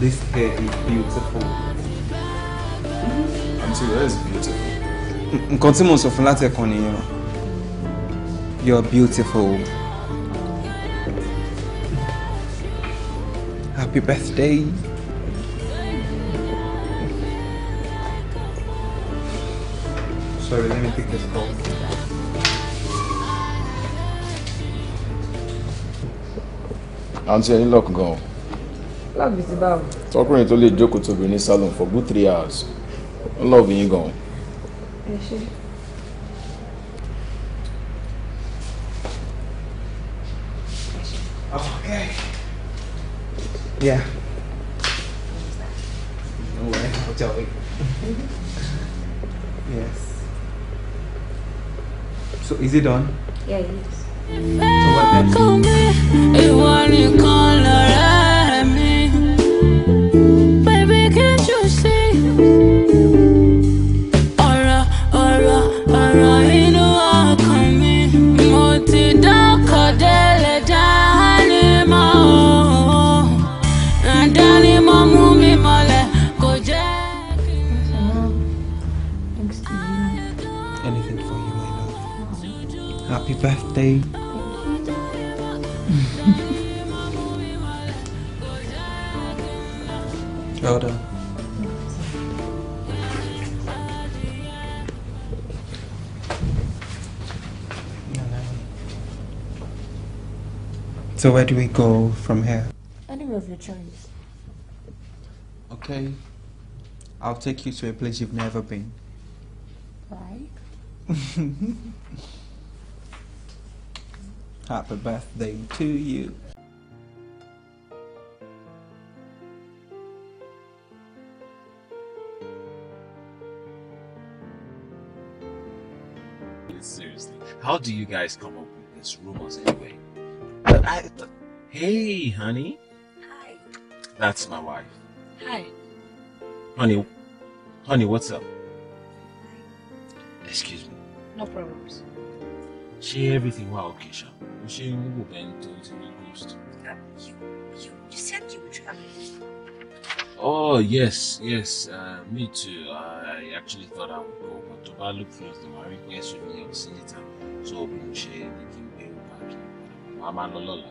This hair is beautiful. Mm-hmm. Auntie, that is beautiful. Nǹkan tí mo sọ fún láti ẹ̀kan nìyẹn. You're beautiful. Happy birthday. Sorry, let me pick this call. Auntie, any luck gan o? love bí ti báwo. tọkùnrin tó lè jókòó tóbi ní salon for good three hours ó love yín gan. Okay. Yeah. No way. I'll yes. So is it done? Yeah, it is. So what next? birthday. Hold on. So where do we go from here? Anywhere of your choice. Okay. I'll take you to a place you've never been. Right? Happy birthday to you. Seriously, how do you guys come up with these rumors anyway? I, hey, honey. Hi. That's my wife. Hi. Honey, honey, what's up? Excuse me. No problems. ṣé everything wà okay ṣá mo ṣe ń wò do tó ti ní ghost. you you you said you were traveling. oh yes yes uh, me too uh, I actually thought I would go but to bá look close to my request with me ọ̀sìn níta so bí mo ṣe ní kí n gbé Mama màá máa lọ lọ́la.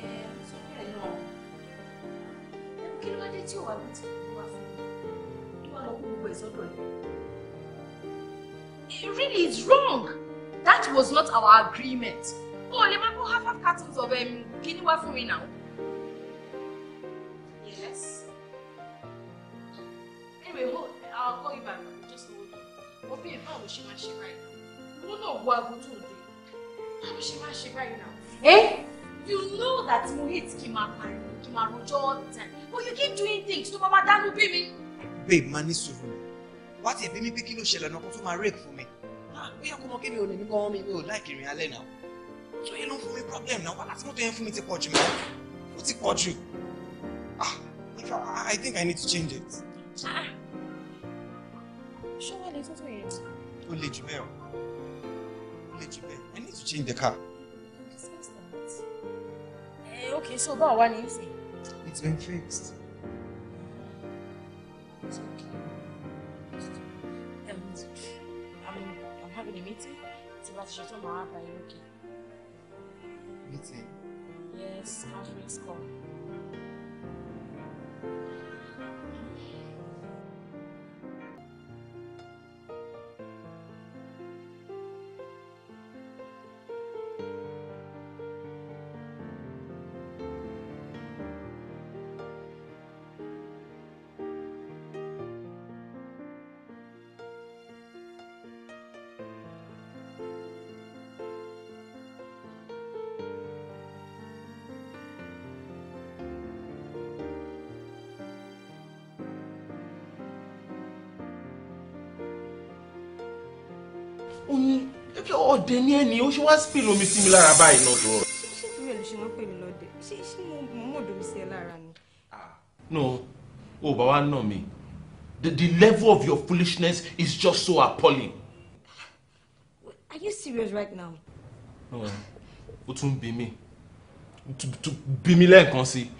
Eh, kí ló wá dé tí ò wá bí tí kò wá fún lọ kó gbogbo ẹ̀ it really is wrong that was not our agreement. Oh, let me go half half cartons of kíní um, wá for me now? yes. anyway hold i'll call you back just hold on. mo bí ìbá òun ṣe máa ṣe báyìí náà. mo náà wo aago tó dé. báwo ṣe máa ṣe báyìí Eh? You know that mo hate kí n máa pariwo, all the time. But you keep doing things tó Mama máa dánú bí mi pé máa ní sùúrù wá tiẹ̀ bí mi pé kí ló ṣẹlẹ̀ náà kó tó máa rèk fún mi ah, bóyá kó mọ kí mi ò ní mi mi ò láì kiri alẹ́ náà tó yẹ ló ń fún mi problem náà wà láti mọ́tò yẹn fún mi ti pọ̀ jù mọ́ ó ti pọ̀ jù ah I think I need to change it. Ah. ṣé wàá lè tuntun yẹn. ó le jù bẹ́ẹ̀ o ó le jù bẹ́ẹ̀ I need to change the car. ẹ eh, ok so báwo wá ní í sè. It's been fixed. bá ti ṣe tó meeting. yes conference call. omi ẹbí ọdẹ ní ẹni ó ṣe wá spill omi sí mi lára báyìí náà tó. ṣé torí ẹ ló ṣe wọ́n pè mí lọ́dẹ ṣé ṣé mo mọ̀ domi sí ẹ lára ni. Ah, no o bàbá náà mi the the level of your foolishness is just so appalling. are you serious right now. no o tún bí mi to to bí mi lẹ́ẹ̀kan sí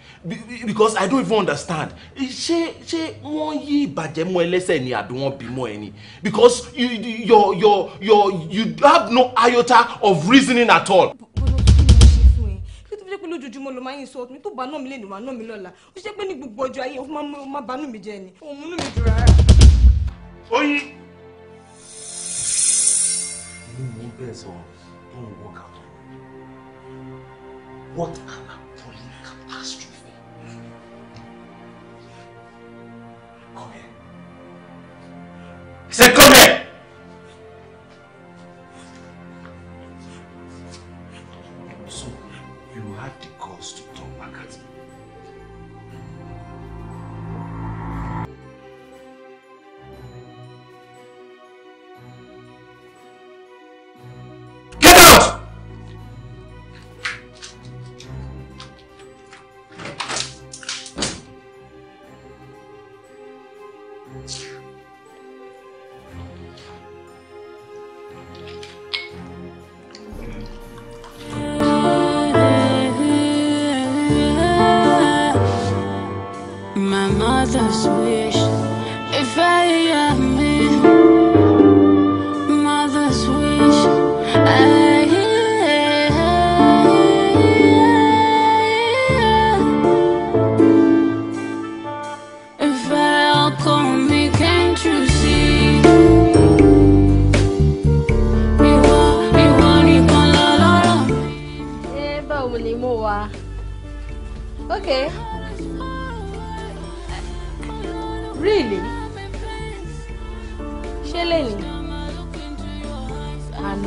because i don't even understand ṣé ṣé wọ́n yí ìbàjẹ́ mọ́ ẹlẹ́sẹ̀ ni àbí wọ́n bí mọ́ ẹ because you your your your you have no iota of reasoning at all. pé lójoojúmọ́ ló máa ń sọ mi tó bá náà mi lè ní náà mi lọ́la ó ṣe pé ní gbogbo ọjọ́ ayé òun máa bá nù mí jẹ ni òun múnú mi dùn rárá. oyin. inú mi ń sọ don't work out. What an appalling catastrophe. Come here. Second.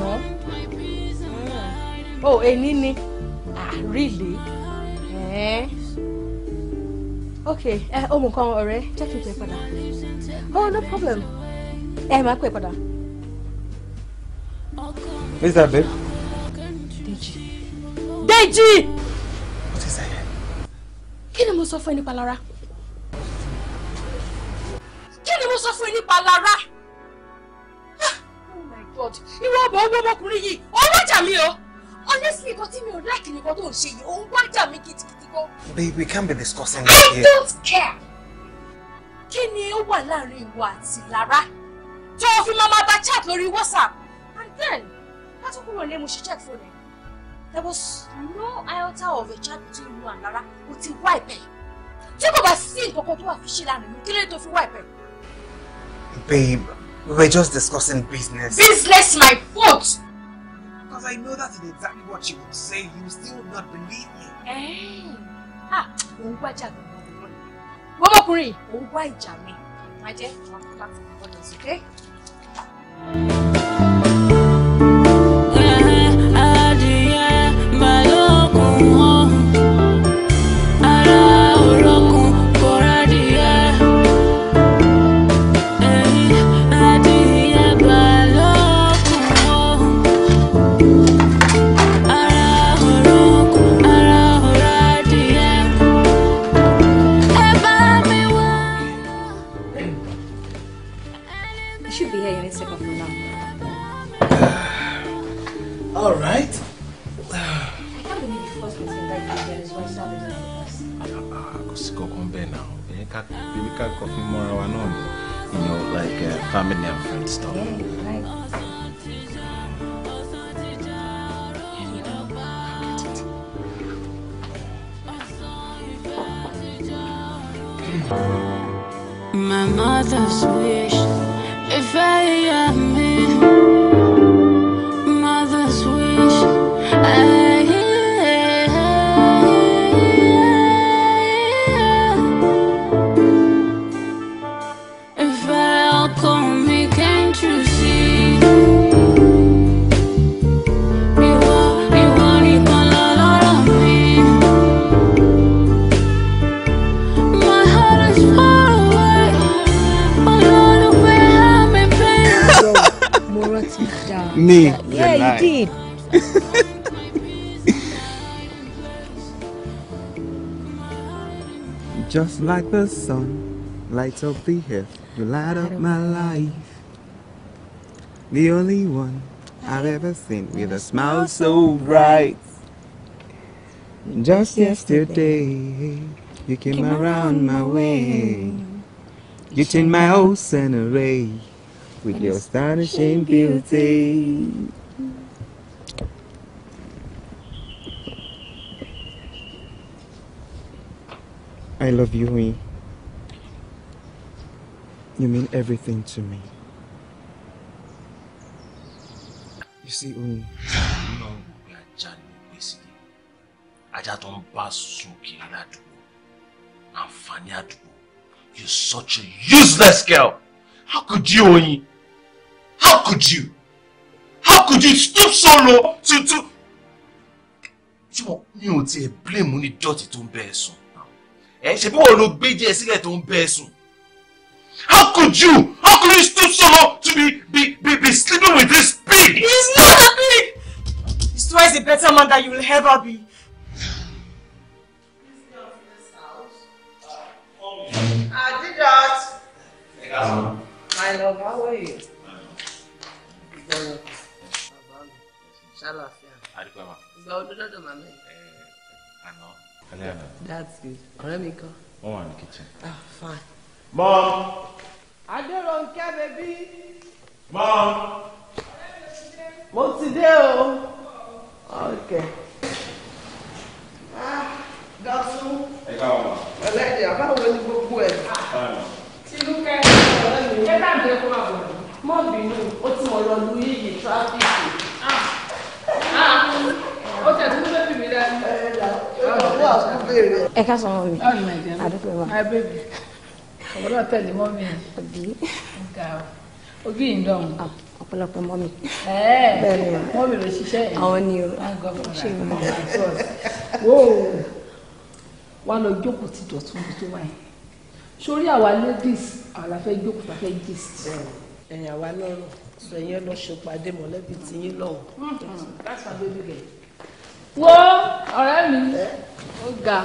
àná mm. oh, ah, eh. eh, o èní ni àrílè ok ẹ o mọ nǹkan ọ̀rẹ́ jẹ́ kí n pè padà oh no problem ẹ eh, máa pè padà. Is that babe? Deji. Deji! What is that? Kí ni mo sọ fún ẹ nípa Lara? Kí ni mo sọ fún ẹ nípa Lara? bọ̀ owó ọmọkùnrin yìí ó wájà mí o honestly nǹkan tí mi ò láìkì nǹkan tó ń ṣe yìí òun wájà mí kìtìkìtì gan. babe we can't be discussing this here. I don't care. kí ni ó wà láàrin ìwọ àti Lára tó o fi máa máa chat lórí WhatsApp and then pátó kúrò lé mo ṣe check phone ẹ there was no iota of a chat between you and Lara o ti wá ìpè tí kò bá sí nǹkan kan tó wà fi ṣe lánàá kí ló tó fi wá ìpè. babe We were just discussing business. Business, my fault! Because I know that is exactly what you would say. You still would not believe me. Hey, eh? Ah, òun wá ìjà mi lọ́wọ́ mi. Wọ́mọkùnrin, òun wá ìjà mi. Má jẹ́, àwọn kọ́lá ti bọ́dọ̀ Ah, you know like uh, family and friends stuff. Yeah, right. My mother's wish, if I am Just like the sun lights up the earth, you light up my life. The only one I've ever seen with a smile so bright. Just yesterday, you came around my way. You changed my whole scenery with your astonishing beauty. I love you, Yin. You mean everything to me. You see, Yin. No, we are Johnny, basically. Ajá tó ń bá sùn kiri ládùúgbò. Àǹfààní àdúgbò. You're such a useless girl. How could you, Oyin? How could you? How could you stoop so low to to? You mo mi ò blame only dọ́ọ̀tì tó ń bẹ́ ṣe bí wọn ló gbé díẹ̀ sílẹ̀ tó ń bẹ sùn. how could you how could you stoop so low to be be be be sleeping with this pig. he is not a pig. he is twice the better man that you will ever be. Adidas. Um, I love how are you? Ṣàlàfíà. Ìgbà òdodo dọ̀ màmá yìí that's good Let me go. wọ́n in the kitchen. ah fine. mom. adéròǹkẹ́ bèbí. mom. mo ti dé o. ok. ah dọ̀tún. ẹ ká wọn. ọ̀lẹ́dẹ̀ àbáwo ni gbogbo ẹ̀. tinúkẹ́ ọ̀rẹ́ mi. ẹ bá mi kó máa bọ̀ mọ́ bínú ó ti mọ̀ lọ lu yíyí tíráfíìkì. ah ah ẹ ká sọ mọ mi àdúgbò wa. ọ̀pọ̀lọpọ̀ tẹ̀lé mọ́ mi. òbí ojú yìí ń dọ̀hún. ọ̀pọ̀lọpọ̀ mọ́ mi. bẹ́ẹ̀ ni mọ́ mi ló ṣiṣẹ́ yìí. àwọn ni o ṣe é mọ́. wà á lọ jókòó ti dọ̀tún mi tó wáyé sórí àwa ladies àwa la fẹ́ jókòó la fẹ́ gist. ẹ̀yìn àwa lọ́rùn sọ yẹn lọ́ọ́ ṣèpàdé mọ̀lẹ́bí tiyín lọ́wọ́. Mm-hmm. that's my baby girl wo ọ̀rẹ́ mi ó ga.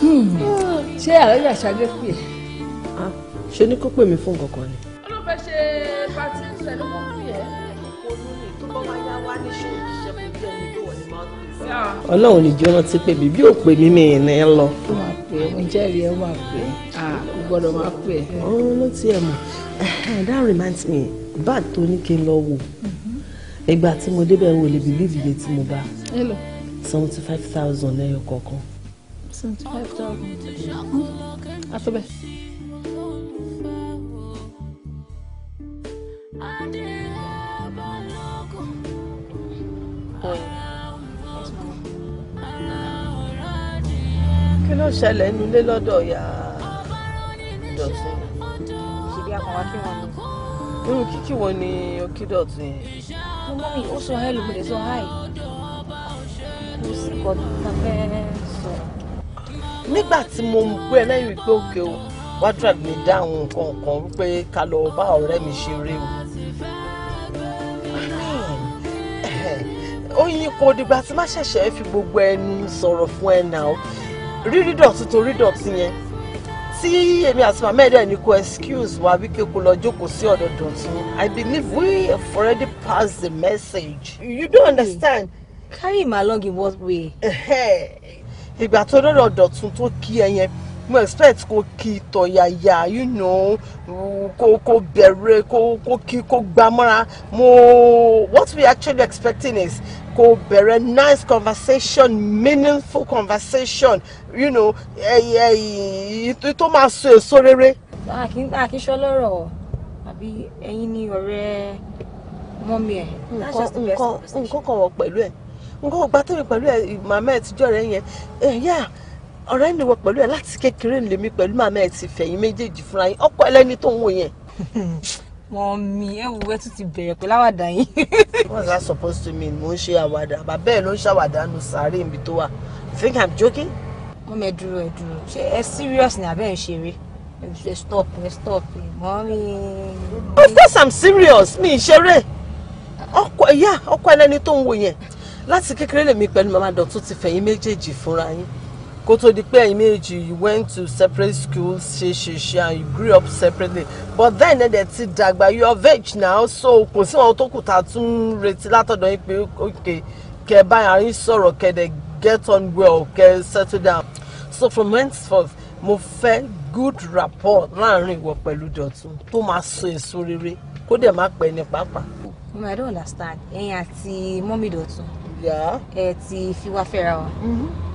Hmm. ṣé àlejò àṣàjọ pè é ṣe ní kó pè mí fún kankan ni. olùfẹ́ ṣe pati pẹ̀lú kó pè ẹ́ olóyè tó bá máa yá pè sí. bí ò pè mí mi ní lọ. ó máa pè é ǹjẹ́ rí ẹ máa pè é kò gbọ́dọ̀ máa pè é. ọ̀run ló tiẹ̀ mọ̀ that reminds me bag tó ní kí n lọ wò mm-hmm. ìgbà tí mo débẹ̀ wò lè bìlíìfì iye tí mo bá seventy five thousand lẹ́yọ kọ̀ọ̀kan. seventy five thousand mm-hmm. àtọ́bẹ̀. ṣẹlẹ̀ inú ilé lọ́dọ̀ ya dọ̀tun. ṣèbí akọ̀wá kí wọ́n mú. irú kíkì wo ni o kí dọ̀tun yẹn. mo mọ́ mi ó sọ hẹ́lò mo lè sọ háì. mo sì kọ́ ta fẹ́ẹ́ sọ. nígbà tí mo ń gbé ẹ lẹ́yìn pé òkè o wardrobe mi dá nǹkan kan wípé ká lọ bá ọ̀rẹ́ mi ṣeré o. ó yín kó dìgbà tí má ṣẹ̀ṣẹ̀ fi gbogbo ẹnu sọ̀rọ̀ fún ẹ náà rírí dọ̀tí torí dọ̀tí yẹn tí èmi àti màmá ẹ̀dẹ̀ ní kò excuse wa wípé kò lọ jókòó sí ọ̀dọ̀ dọ̀tí I believe we have already passed the message you don't hmm. understand. carry him along in what way. ìgbà tó dọ̀dọ̀ dọ̀tún tó kí ẹ yẹn mo expect kó kí tọ̀yàyà you know kó kó bẹ̀rẹ̀ kó kó kí kó gbámọ́ra mo what we actually expecting is kò bẹ̀rẹ̀ nice conversation meaningful conversation you know tó máa so èso rere. àkínṣọ́ lọ́rọ̀ àbí ẹ̀yin ni ọ̀rẹ́ mọ́mí ẹ̀. nǹkan nǹkan kan wọ̀ pẹ̀lú ẹ̀ nǹkan ọgbà tẹ̀mí pẹ̀lú ẹ̀ màmá ẹ̀ tíjọ́ rẹ̀ yẹn ẹ̀yà ọ̀rẹ́ ni wọ̀ pẹ̀lú ẹ̀ láti kékeré lèmi pẹ̀lú màmá ẹ̀ ti fẹ̀yìn méjèèjì fúnra yín ọkọ ẹlẹ́ni tó ń wò yẹn. mọ̀mí ẹ wù ẹ tún ti bẹ̀rẹ̀ pẹ̀lú àwàdà yín. what's that supposed to mean mo ń ṣe àwàdà bàbá ẹ ló ń ṣàwàdà nù sàárè ibi tó wà you think i'm joking. wọ́n mẹ́ dúró ẹ dúró ṣé ẹ serious ni àbẹ́ ẹ ṣeré ẹ stop ẹ stop mọ́mí. of course i'm serious mi ì ṣeré ọkọ ìyá ọkọ ẹlẹ́ni tó ń wo yẹn láti kékeré lèmi pẹ̀lú mama dọ̀tún ti fẹ̀yìn méjèèjì fúnra yín kó tó di pé ẹ̀yin méjì you went to separate schools ṣe ṣe ṣe and you grew up separately but then ẹ̀ dẹ̀ ti dàgbà you are veg now so kò sí àwọn tó kù tá a tún ń retí látọ̀dọ̀ yín pé ok kẹ báyà sọ̀rọ̀ kẹ dẹ̀ get on well kẹ settle down so from henceforth mo fẹ́ good rapport láàrin ìwọ pẹ̀lú Dọ̀tun tó máa so èso rere kó dẹ̀ má pẹ́ ní pàápàá. no mm, i don't understand ẹ̀yin àti mọ́mí Dọ̀tun ẹ ti fi wá fẹ́ra wa. Mm-hmm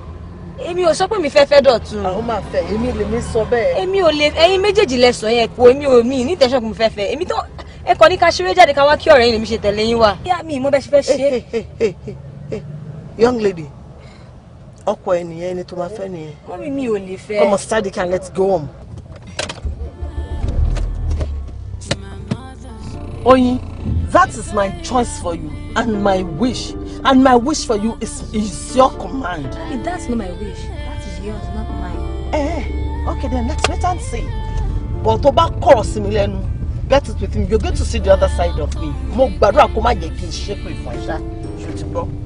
èmi ò sọ pé mi fẹ́ fẹ́ dọ̀tun. àwọn máa fẹ́ èmi lè mi sọ bẹ́ẹ̀. èmi ò lè ẹyin méjèèjì lẹ sọ yẹn kó èmi ò mí ní tẹ̀sán kò mi fẹ́ fẹ́ èmi tó ẹ kàn ní ká ṣeré jáde ká wá kí ọ̀rẹ́ yín lèmi ṣe tẹ̀lé yín wá. yá mi mo bẹ ṣe fẹ́ ṣe. young lady ọkọ ẹ nìyẹn ẹni tó máa fẹ́ nìyẹn. wọ́n mi mi ò lè fẹ́. come on study can let's go home. Oyin, that is my choice for you and my wish and my wish for you is, is your command. Hey, that's not my wish. That is yours, not mine. Eh, okay then, let's wait and see. But tó bá kọ̀rọ̀ get it with him. You're going to see the other side of me. Mo baru akuma má jẹ́ kí n ṣépè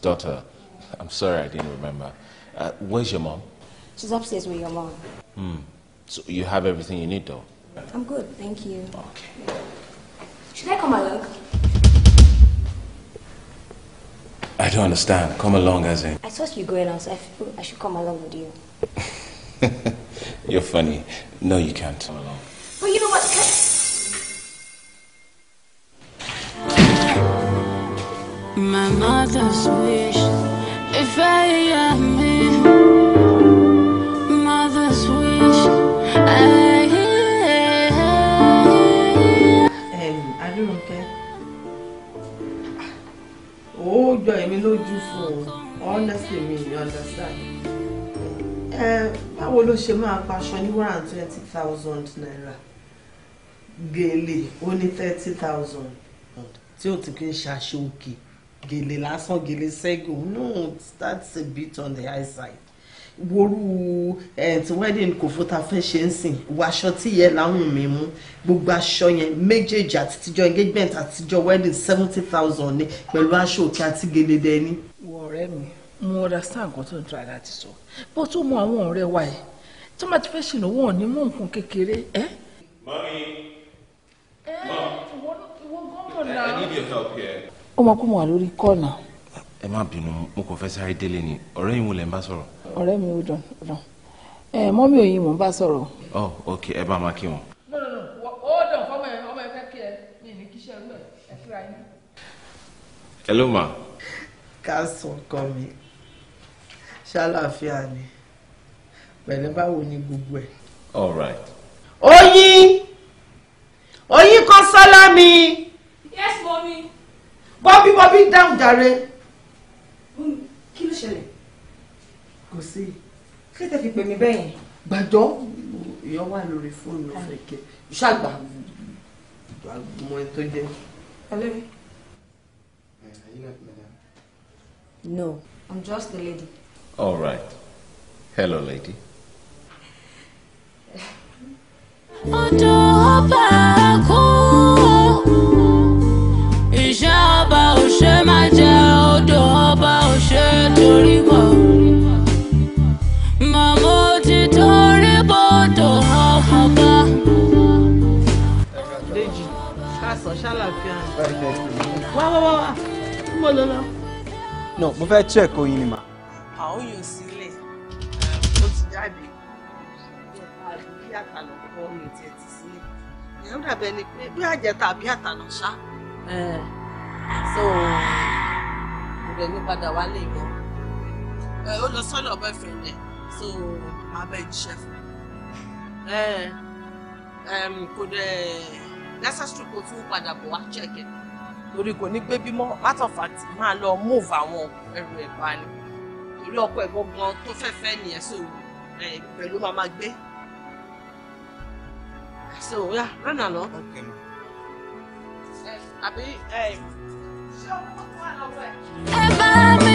daughter. I'm sorry, I didn't remember. Uh, where's your mom? She's upstairs with your mom. Hmm. So you have everything you need, though? I'm good, thank you. Okay. Should I come along? I don't understand. Come along, as in. I thought you were going out, so I feel I should come along with you. You're funny. No, you can't. Come along. My mother's wish, if I am me, mother's wish. I... Um, I don't care. Oh, joy, me no fún o, honestly me, you understand. Báwo ló ṣe máa paṣọ ní one hundred twenty thousand naira? Gèlè ó ní thirty thousand tí ó ti kí ń ṣaṣọ òkè gèlè lásán gèlè sẹ́gun no that's a bit on the high side woru eh, ti wedding kò fó ta fẹ́ ṣe ń sìn wọ aṣọ tí yẹ láwùn mi mú gbogbo aṣọ yẹn méjèèjì àtijọ́ engagement àtijọ́ wedding seventy thousand ni pẹ̀lú aṣọ òkè àti gèlè dẹni. wọ ọ̀rẹ́ mi mo understand nǹkan tó ń tọ́ ara ti sọ bó tó mọ àwọn ọ̀rẹ́ wa ẹ̀ tó má ti fẹ́ ṣe lọ́wọ́ ọ̀ ní mú nǹkan kékeré ẹ̀. mọ́mí mọ́ I need your help here. ó mọ lórí kọ́ọ̀nà. ẹ má bínú mo kò fẹ́ sáré délé ni ọ̀rẹ́ yìí wo lẹ́ ń bá sọ̀rọ̀. ọ̀rẹ́ mi ò ẹ mọ́ mi ò ń bá sọ̀rọ̀. ọ oh, ok ẹ bá máa kí wọn. ọmọ hello ma. ká sùn kọ́ mi ṣàlàáfíà ni báwo ni gbogbo ẹ̀. oyin oyin yes bọ́bí bọ́bí dáhùn jàre. kí ló ṣẹlẹ̀. kò sí. kí ló tẹ́ fi pè mí bẹ́ẹ̀ yẹn. gbàjọ́ ìyọ́ wà lórí fóònù ọ̀fẹ́ kẹ ṣàgbà mọ ẹ tó jẹ. ọlẹ́mi. No, I'm just a lady. All right. Hello, lady. ọjọ́ ọba kò má jẹ odò ọba ò ṣe torí mọ́. Màmá ó ti torí bọ́dọ̀ ọba. Déjì, káàsán ṣàlàfíà. mo lọ No, mo fẹ́ check oyin ni mà. Àwọn yóò sílẹ̀, ó ti jáde. Bí àtàlọ́ kọ́ mi ò tiẹ̀ ti sílẹ̀. Ìyẹn ó dàbẹ̀ ni pé bí àjẹta àbí àtàlọ́ ṣá. Eh so kò dẹ̀ ní padà wálé mọ́ ẹ ó lọ sọ́dọ̀ boyfriend ẹ̀ so máa bẹ́ẹ̀ jíṣẹ́ fún ẹ kò dẹ̀ necessary kò tún padà bọ̀ wá chẹ́kẹ̀ torí kò ní gbé bímọ matter of fact máa lọ move àwọn ẹrù ẹ̀ bá ní torí ọkọ ẹ̀ gbọ́ngàn tó fẹ́ fẹ́ nìyẹn so pẹ̀lú máa máa gbé so yeah run along. Okay, ma. Uh, àbí Heaven.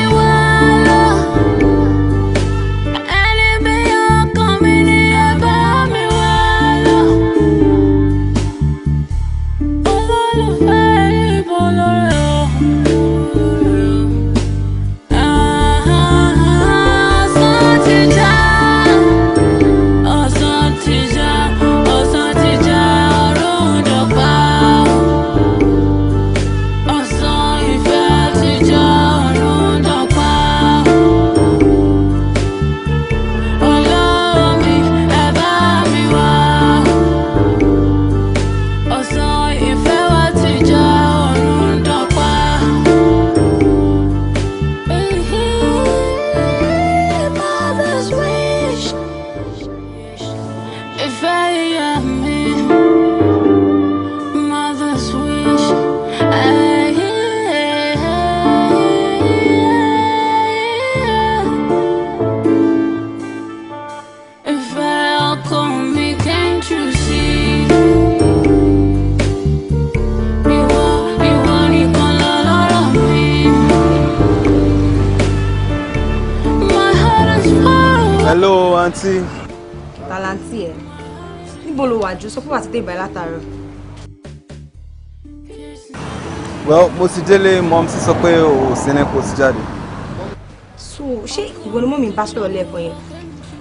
àǹtí. tàlàǹtì ẹ níbo lo wà jù sọ pé wà ti dé ìbáyìí látàárọ̀. well mo ti délé mọ́mí sí sọ pé o ò sí ní kó o ti jáde. so ṣé ìwọ ni mọ́mí bá sọ̀rọ̀ lẹ́ẹ̀kan yẹn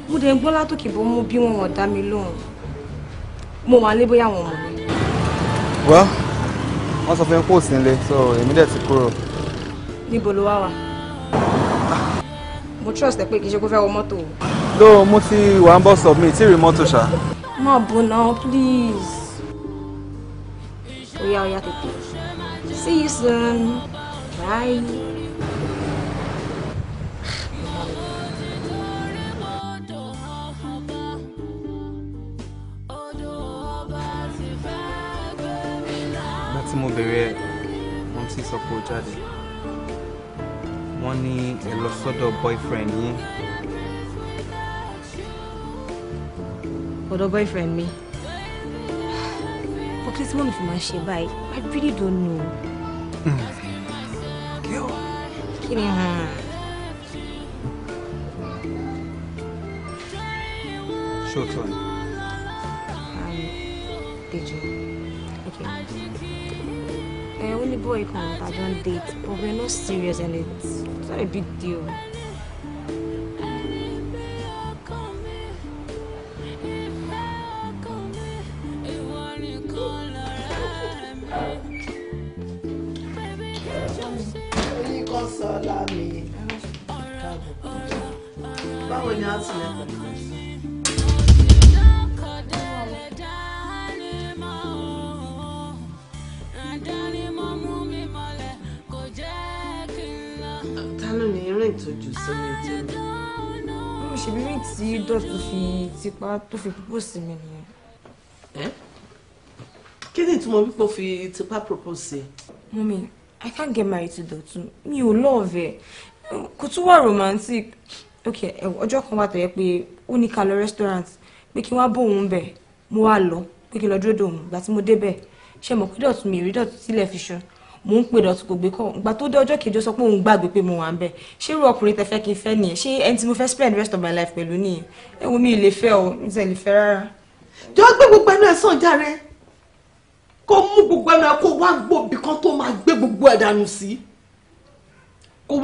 mo dẹ̀ ń gbọ́ látòkè bó mú bí wọn dá mi lóhùn mo wà lé bóyá wọn mọ̀. well wọ́n sọ fún mi kó o sí nílé so èmi dẹ̀ ti kúrò. níbo lo wá wà. Ah. mo trust ẹ pé kì í ṣe kó fẹ́ wọ mọ́tò o ló mú tí wàá ń bọ̀ sọ mi tí rí mọ́tò ṣá. má bù please. oya oya tètè see you soon bye. tí mo bẹ̀rẹ̀ wọ́n ti sọ pé ó jáde wọ́n ní ẹ lọ sọ́dọ̀ boyfriend yín. Yeah? ọ̀dọ̀ boyfriend mi but please mọ́mí fi máa ṣe báyìí I really don't know. Hmm. kí ni hàn. ṣóòtọ́ ni. Um, okay ẹ eh, only boy bọ́ọ̀ I don't date but we're not serious and it's not a big deal. ní àtúnyẹ pẹ̀lú. ta ló ní rìn tó jù sórí ètò mi. mo ṣe bíbí tí dọ́tún fi tipa tó fi propose sí mi nìyẹn. kí ni ìtumọ̀ pípọ̀ fi tipa propose sí. mummy i can't get married to dọ́tún mi ò lọ́ọ̀vẹ̀ kò tún wà romantic ok ọjọ́ kan wà tó yẹ pé ó ní ká lọ restaurant pé kí wọ́n á bò òun bẹ̀ mo wá lọ pé kí n lọ dúró dòun ìgbà tí mo débẹ̀ ṣe mọ̀ pé dọ̀tún mi rí dọ̀tún sílẹ̀ fi ṣan mò ń pè dọ̀tún kò gbé kọ́ ìgbà tó dé ọjọ́ kejì ó sọ pé òun gbàgbé pé mo wà ń bẹ̀ ṣé irú ọkùnrin tẹ fẹ́ kí n fẹ́ nìyẹn ṣé ẹni tí mo fẹ́ spend rest of my life pẹ̀lú nìyẹn ẹ wo mi ì lè fẹ́ o mi tẹ̀ lè fẹ́ rárá. jọ gbé gbogbo ẹnu ẹ sàn járe kó mú gbogbo ẹnu ẹ kó wá gbòbí kan tó máa gbé gbogbo ẹ dànù sí kó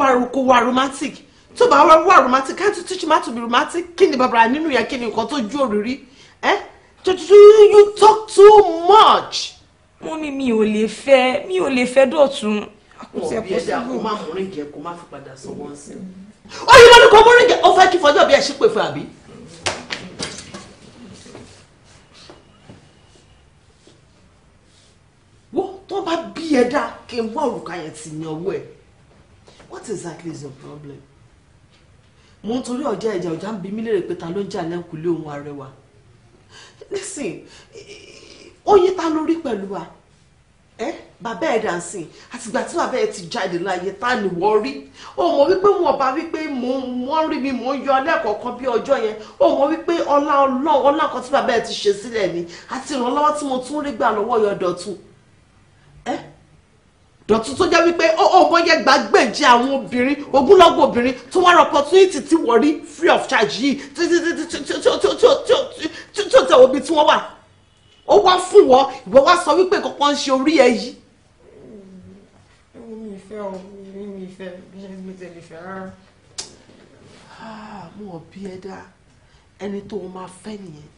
wá romantic tó bá wá wá romantic can't you teach me how to be romantic kí ni bàbá nínú yẹn kí ni nǹkan tó ju òrìrí ẹ tuntun you talk too much. mo ní mi ò lè fẹ́ mi ò lè fẹ́ dọ̀tun. àkùsẹ̀ kò sí kó má mú ríǹgì ẹ kó má fi padà sanwó sí. ó yí lọ́dún kan mú ríǹgì ó fẹ́ kí fọjọ́ bí ẹ ṣe pè fún àbí. tó bá bí ẹ dá kí n wá òrùka yẹn tì ní ọwọ́ ẹ̀ what exactly is your problem? mo ń torí ọjà ìjà ọjà ń bi mí léèrè pé ta ló ń jà lẹ́kùnlé ohun arẹwà nísìn ó yí ta lórí pẹ̀lú wa ẹ bàbá ẹ̀ dànsìn àtìgbà tí bàbá ẹ̀ ti jáde láàyè ta ni wọ́n rí ó mọ̀ wípé wọn bá wípé mò ń rí mi mò ń yọ lẹ́kọ̀ọ̀kan bí ọjọ́ yẹn ó mọ̀ wípé ọlá ọlọ́ọ̀ ọlá kan tí bàbá ẹ̀ ti ṣe sílẹ̀ ni àti ìrànlọ́wọ́ tí mo tún rí gbà lọ́wọ́ yọ̀dọ̀tún dọ̀tún tó jẹ́ wípé ó ó bọ́yẹ gbàgbèjì àwọn obìnrin ogúnlọ́gbọ̀n obìnrin tó wá opportunity tí wọ́n rí free of charge yìí tí tí tí tí tí tí tí tí tí tí tẹ̀ omi tí wọ́n wà ó wá fún wọn ìwọ wá sọ wípé kankan ń ṣe orí ẹ yìí. mi fẹ́ o mi fẹ́ mi tẹ̀lé fẹ́ rárá. mo ò bí ẹ dáa ẹni tó o máa fẹ́ nìyẹn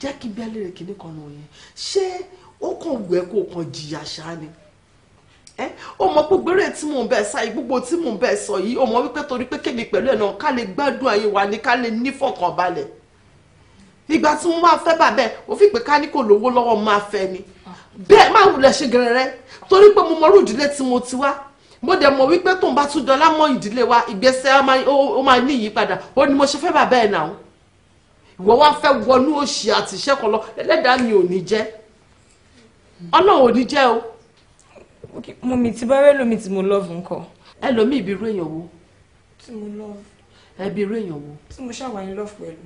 jẹ́ kí bí alẹ́ rẹ̀ kìíní kan nù yẹn ṣé ó kàn wù ẹ́ kó o kàn jìyà ṣáá ni ẹ ó mọ gbogbo eré tí mò ń bẹ sáyé gbogbo tí mò ń bẹ sọ yìí ó mọ wípé torí pé kémi pẹ̀lú ẹ̀ náà ká lè gbádùn ayé wa ni ká lè nífọ̀kànbalẹ̀ ìgbà tí mo máa fẹ́ bàbẹ́ òfin pé ká ní kò lówó lọ́wọ́ máa fẹ́ ni bẹ́ẹ̀ máa wulẹ̀ ṣe gẹ̀rẹ́rẹ́ torí pé mo mọrú ìdílé tí mo ti wá mo dẹ̀ mọ̀ wípé tóun bá tún dọ́là mọ́ ìdílé wa ìgbésẹ̀ ó máa ní ìyípadà ó ní mo ṣe fẹ́ bàbá ẹ̀ náà ìwọ wá fẹ́ wọnú òṣì àtìṣẹ́ lọ ẹlẹ́dàá mi ò ní jẹ́ ọlọ́run ò ní jẹ́ o mo mi ti bá rẹ lómi tí mo love nǹkan. ẹlòmíì bí irú èèyàn wo. tí mo love. ẹbí irú èèyàn wo. tí mo ṣàwà in love pẹ̀lú.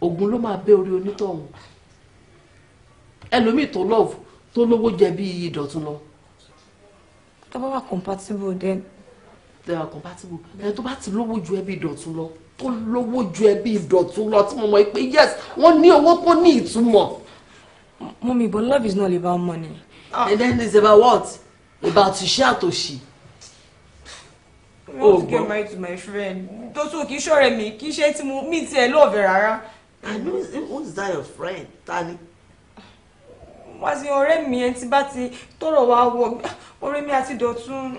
ògùn ló máa bẹ orí onítọ̀hún ẹlòmíì tó love tó lówó jẹ bí ìdọ̀tún lọ. tó bá wà compatible then. tó bá wà compatible ẹni tó bá ti lówó ju ẹbí ìdọ̀tún lọ tó lówó ju ẹbí ìdọ̀tún lọ tí mo mọ̀ pé yes wọ́n ní owó tó ní ìtumọ̀. mummy but love is not about money. Ah. And then it's about what? About Iṣẹ́ àtòṣì. I want to oh, get married to my friend. Tó tún kì í ṣọ̀rẹ́ mi, kì í ṣe tí mo mí tiẹ̀ lọ́ọ̀bẹ rárá. And who's, who's that your friend? Tani? Wá sí ọ̀rẹ́ mi ẹni tí bá ti tọrọ wá wọ ọ̀rẹ́ mi àti Dọ̀tun.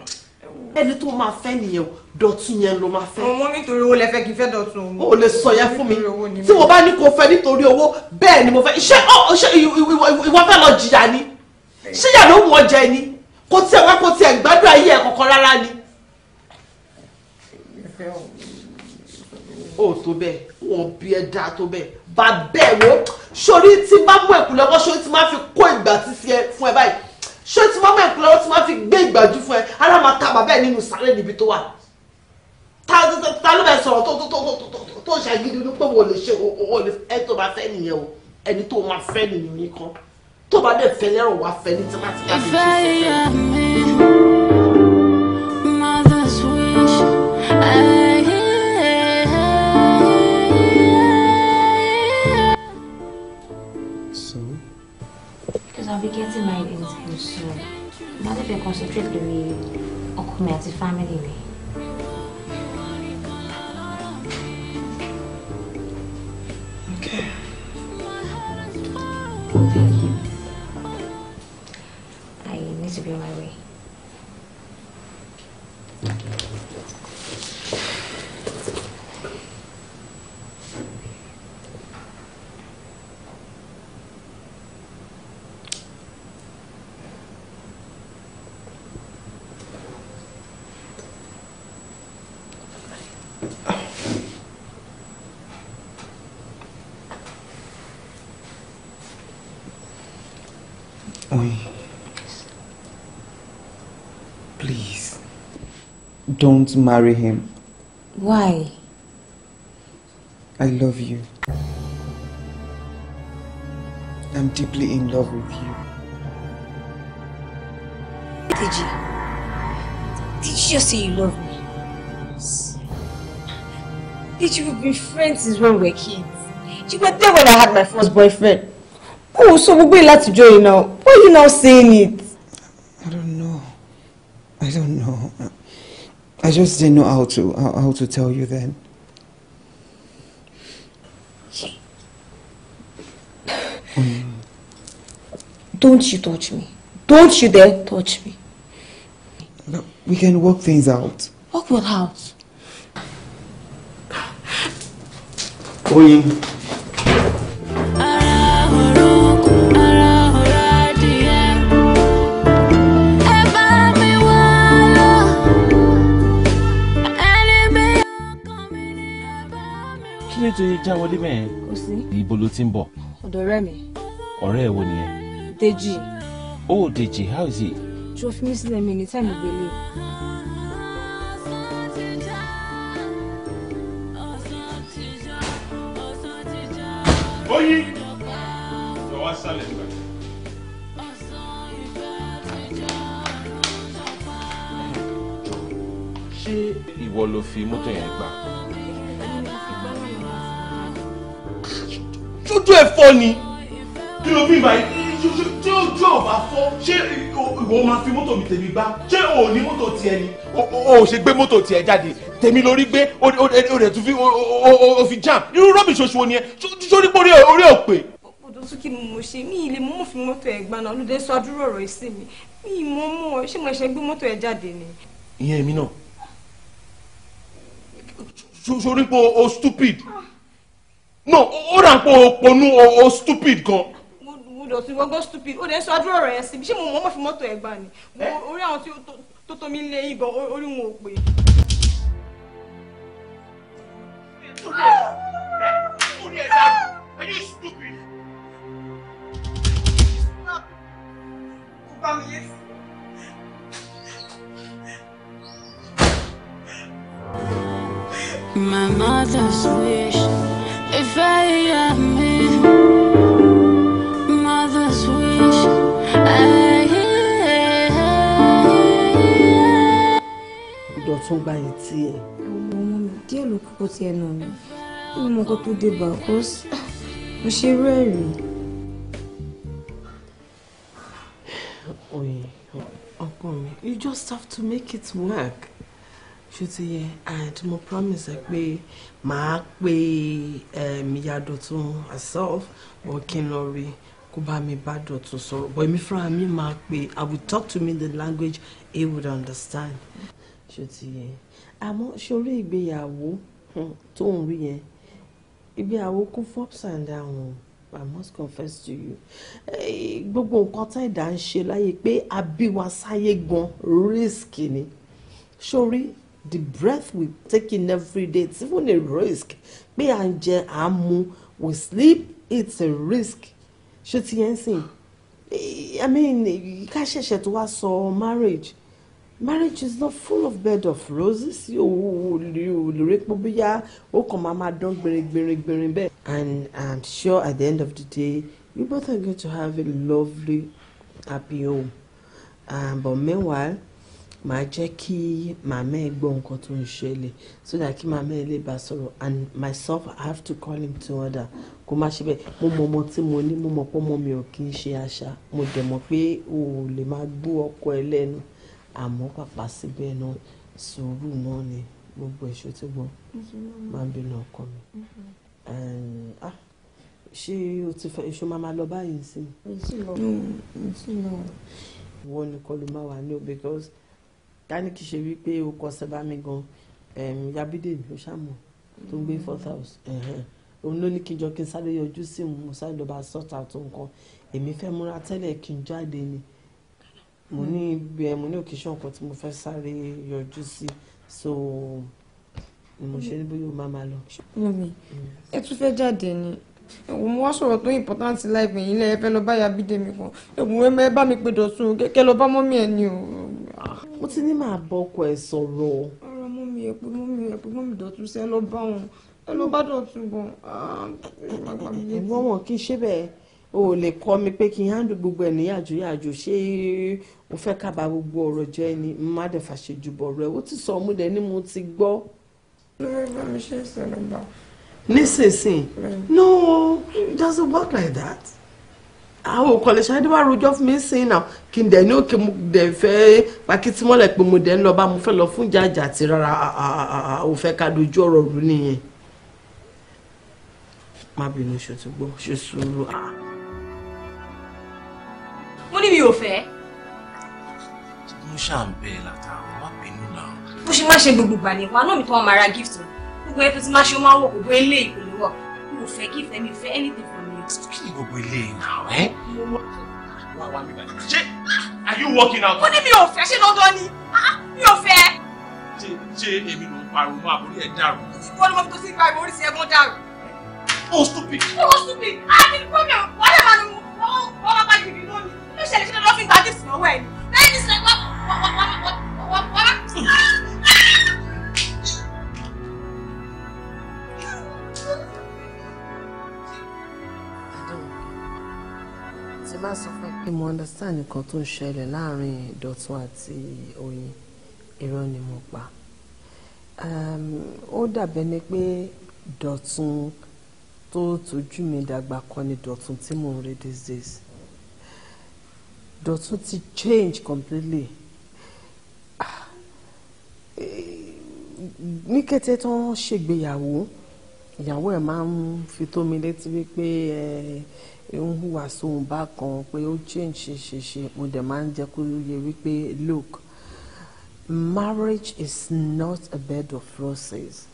Ẹni tó máa fẹ́ nìyẹn o, Dọ̀tun yẹn ló máa fẹ́. Òun nítorí owó lẹ fẹ́ kí n fẹ́ Dọ̀tun òun. O lè sọ yẹn fún mi. Tí mo bá ní kó fẹ́ nítorí owó, bẹ́ẹ̀ ni mo fẹ́. Ṣé oh, ìwọ fẹ́ lọ jìyà ni? ṣíyà ló wù ọjà ẹni kò tiẹ̀ wá kò tiẹ̀ gbádùn ayé ẹ̀ kọ̀ọ̀kan rárá ni. ó tó bẹ́ẹ̀ wọn bí ẹ dáa tó bẹ́ẹ̀ bá bẹ́ẹ̀ wo sórí tí bá mú ẹ̀kúnlẹ̀ ọkọ sórí tí máa fi kó ìgbà títí ẹ fún ẹ báyìí sórí tí bá mú ẹ̀kúnlẹ̀ ọkọ tí máa fi gbé ìgbàjú fún ẹ ara máa ta bàbá ẹ nínú sàrẹ́ níbi tó wà ta ló bẹ sọ̀rọ̀ tó tó tó tó tó ṣàgídí ní pé wọ́n lè ṣe ẹni tó máa fẹ́ nìyẹn o ẹni tó máa fẹ́ nìyẹn kan tó bá dẹ̀ fẹ́ lẹ́rọ̀ wá fẹ́ ní tí I'll be getting my interview soon. But if concentrate lórí ọkọ mi àti family Okay. Please. Don't marry him. Why? I love you. I'm deeply in love with you. Did you? Did you just say you love me? Yes. Did you be friends since when we were kids? You were there when I had my first boyfriend. Oh, so we'll be allowed to join now. Why are you now saying it? I don't know. I don't know. I just didn't know how to how, how to tell you then. Don't you touch me. Don't you dare touch me. we can work things out. Work what out? Oyin. kí ló tó yẹ já wọlé mẹ́ẹ̀. kò sí. ibo ló ti ń bọ̀. ọ̀dọ̀ ọ̀rẹ́ mi. ọ̀rẹ́ ẹ̀ wo nìyẹn. Deji. oh Deji how is he. ṣòfin mi sílẹ̀ mi ní táìmù gbélé. ló fi mọ́tò yẹn gbà. ṣojú ẹ fọ́ ni kí ló fi ìgbà yìí ṣé ojú ọba fọ́ ṣé ìwọ máa fi mọ́tò mi tèmi gbá ṣé o ò ní mọ́tò tiẹ̀ ni. o ò ṣe gbé mọ́tò tiẹ̀ jáde tèmi lórí gbé o rẹ̀ tún fi o fi jam irú rọ́bìṣì oṣù wo ni ẹ sórí pé orí ò pé. odò tún kí mo ṣe mí ilé mo mú fi mọ́tò ẹ̀ gbaná olùdé sọ adúrò ọ̀rọ̀ ìsinmi mi ìmọ̀ mọ̀ ṣé mo ṣe gbé mọ́tò ẹ̀ jáde ni. ìyẹn mi náà sori pé o stupid no ó dà pé o ponú o stupid gan. mo dọ̀ sí gbogbo stupid ó dẹ̀ sọ àdúrà rẹ̀ sí ṣé mo mọ̀ mọ̀ fi mọ́tò ẹ̀ gbà ni eh? orí àwọn tó tó mi lé ibọ̀ orí wọn ò pè. Are you stupid? Opa, me yes my mother's wish. If I am me, mother's wish. Dọ̀tún gba etí ẹ̀. Àwọn ọmọ mi díẹ̀ ló kúkú ti ẹnu mi. Mo mọ nǹkan tó dé bá kó mo ṣe irú ẹ̀ Oye, ọkọ mi, you just have to make it work ṣùtì yẹn and mo promise ẹ pé màá pe ìyá Dọ̀tun herself or kí n lọ mi bá Dọ̀tun sọ̀rọ̀ but èmi fúnra mi máa pe i will talk to me the language he would understand ṣùtì yẹn àmọ́ ṣorí ìgbéyàwó tó rí yẹn ìgbéyàwó kún fún and downs I must confess to you eh, gbogbo nǹkan tá ìdá ń ṣe láyé pé àbí wa sáyé gan risk ni sórí the breath we take in every day it's even a risk pé à ń jẹ à we sleep it's a risk ṣé ti yẹn sìn i mean ká ṣẹ̀ṣẹ̀ tó wá sọ marriage marriage is not full of bed of roses yóò lórí pé bóyá ó kàn máa máa dán gbèrègbèrègbèrè bẹ́ẹ̀. and i'm sure at the end of the day you both are going to have a lovely happy home um, but meanwhile màá jẹ́ kí màmá ẹ gbọ́ nǹkan tó ń ṣẹlẹ̀ so that kí màmá ẹ lè bá sọ̀rọ̀ and myself I have to call him to order kó má ṣe bẹ́ẹ̀ mo mọ ọmọ tí mo ní mo mọ pé ọmọ mi ò kì í ṣe àṣà mo dẹ̀ mọ̀ pé o ò lè máa gbó ọkọ ẹ lẹ́nu àmọ́ pàpà síbẹ̀ náà sùúrù náà ni gbogbo ẹ̀ṣọ́ tí gbọ́ máa ń bínú ọkọ mi ah, ṣé o ti fẹ́ iṣu máa ma lọ báyìí sí i. ìṣìlọ ìṣìlọ. wọ́n ní kọ́ ló máa wà ní o because dání kì í ṣe wípé o kọ sẹ́bà mi gan yabide mi ó ṣàmù tó ń gbé mm. four thousand òun ló ní kí n jọ kí n sáré yọjú sí òun mo sáré lọ́ba sort out nǹkan èmi fẹ́ múra tẹ́lẹ̀ kí n jáde ni mo ní ibi mm. mo ní occasion kan tí mo fẹ́ sáré yọjú sí so ni mo ṣe ní bóyá o máa máa lọ. mọ̀mí mm. ẹ tún fẹ́ jáde ni ẹ̀wọ̀n mo wá sọ̀rọ̀ tó important life yìí lẹ́yìn fẹ́ lọ bá yabide mi kan ẹ̀wọ̀n ẹ bá mi pe dọ̀tun kẹ́kẹ́ lọ bá mọ́mí ẹ̀ ni o mo ti ní máa bọ ọkọ ẹ sọ̀rọ̀. ara mú mi èpè mú mi èpè mú mi dọ̀tún sí ẹ lọ bá wọn ẹ lọ bá dọ̀tún gan. Ah, ẹ̀gbọ́n wọn kì í ṣe bẹ́ẹ̀ o lè kọ́ mi pé kí n handle gbogbo ẹ̀ níyàjò yàjò ṣé o fẹ́ kábà gbogbo ọ̀rọ̀ jẹ́ ni má dẹ̀ fàṣejù bọ̀ rẹ̀ o ti sọ ọmú dẹ̀ ni mo ti gbọ́. nísinsìnyí no it doesn't work like that àwọn ò kọ̀lẹ̀ ṣáájú wá rojọ́ fún mi ń sìn náà kí n dẹ̀ ní òkè mo dẹ̀ fẹ́ pakítí mọ́lẹ̀ pé mo dẹ̀ ń lọ bá mo fẹ́ lọ fún jàjà àti rárá ò ká dojú ọ̀rọ̀ rú nìyẹn. má bínú ṣòtúgbò ṣe sùúrù. mo ní mi ò fẹ́. mo ṣàǹbẹ̀ látàwọn má bínú náà. bó ṣe má ṣe gbogbo gbà ní wa mi tó wọn máa ra gift gbogbo ẹ tó ti má ṣe ó máa wọ̀ gbogbo eléyìí kò ní wọ̀ mi ò fẹ́ gift mi ò anything kí ni gbogbo ilé ìnà ẹ́. ṣé are you working out. ó ní mi ò fẹ́ ṣé lọ́dọ̀ ni ah, mi ò fẹ́. ṣé ṣé èmi ló ń pariwo mọ́ àbórí ẹ̀ dàrú. ìwọ ni mo tó sí ipa ìmọ̀ oríṣi ẹ̀gbọ́n dàrú. o oh, stupid. o oh, stupid a ti ní problem wọ́n lè máa ní wọ́n wọ́n bá yìí nínú mi ló ṣẹlẹ̀ ṣẹlẹ̀ lọ́ọ́ fi gbà dé sí ẹ̀ ni lẹ́yìn ìṣẹ̀lẹ̀ wọ́n ti máa sọ fún ẹ mo understand nǹkan tó ń ṣẹlẹ̀ láàrin Dọ̀tun àti Oyin irọ́ ni mo pa ehm, ó dàbẹ́ ni pé Dọ̀tun tó tójú mi dàgbà kan ni Dọ̀tun tí mò ń rí these days Dọ̀tun ti change completely ah, ní kété tó ń ṣègbéyàwó ìyàwó ẹ̀ máa ń fi tó mi létí wípé ẹ̀. Eh, ń hùwà bá kan pé ó change ṣe ṣe ṣe mo dẹ̀ máa ń jẹ́ kó yẹ wípé look marriage is not a bed of roses